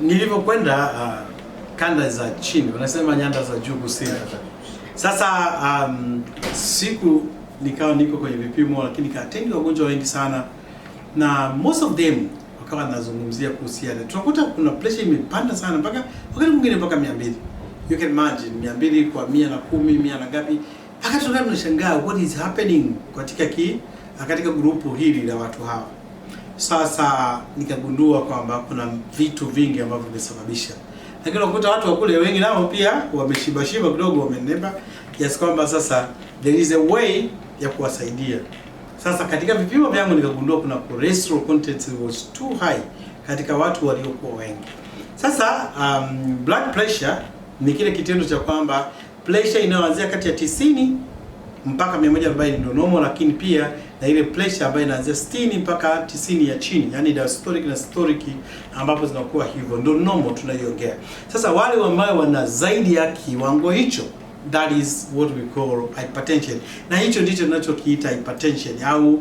Nilivyokwenda uh, kanda za chini wanasema nyanda za juu kusini. Sasa um, siku nikawa niko kwenye vipimo, lakini kaatendi wagonjwa wengi sana, na most of them wakawa nazungumzia kuhusiana, tunakuta kuna pressure imepanda sana mpaka wakati mwingine mpaka mia mbili you can imagine mia mbili kwa mia na kumi mia na ngapi. Akatoka tunashangaa what is happening katika ki katika grupu hili la watu hawa. Sasa nikagundua kwamba kuna vitu vingi ambavyo vimesababisha, lakini unakuta watu wa kule wengi nao pia wameshibashiba kidogo, wamenemba kiasi kwamba sasa there is a way ya kuwasaidia. Sasa katika vipimo vyangu nikagundua kuna cholesterol content was too high katika watu waliokuwa wengi. Sasa um, blood pressure ni kile kitendo cha kwamba pressure inayoanzia kati ya 90 mpaka 140 ndio normal, lakini pia na ile pressure ambayo inaanzia 60 mpaka 90 ya chini, yani diastolic na systolic, ambapo zinakuwa hivyo ndio normal tunaiongea. Sasa wale ambao wana zaidi ya kiwango hicho, that is what we call hypertension, na hicho ndicho tunachokiita hypertension au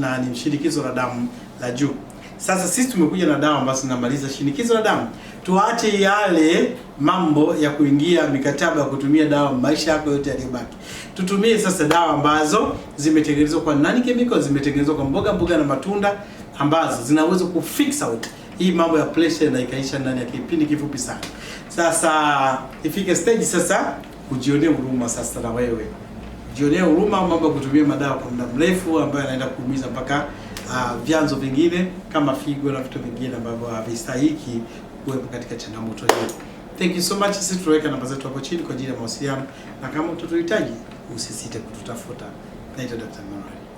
na ni shinikizo la damu la juu. Sasa sisi tumekuja na dawa ambazo zinamaliza shinikizo la damu tuache yale mambo ya kuingia mikataba ya kutumia dawa maisha yako yote yaliyobaki. Tutumie sasa dawa ambazo zimetengenezwa kwa nani kemiko, zimetengenezwa kwa mboga mboga na matunda ambazo zinaweza kufix out hii mambo ya pressure na ikaisha ndani ya kipindi kifupi sana. Sasa ifike stage sasa ujionee huruma sasa na wewe. Jionee huruma mambo ya kutumia madawa kwa muda mrefu ambayo yanaenda kuumiza mpaka uh, vyanzo vingine kama figo na vitu vingine ambavyo havistahiki kuwepo katika changamoto hiyo. Thank you so much. Sisi tutaweka namba zetu hapo chini kwa ajili ya mawasiliano, na kama utatuhitaji usisite kututafuta. Naitwa Dr. Manuel.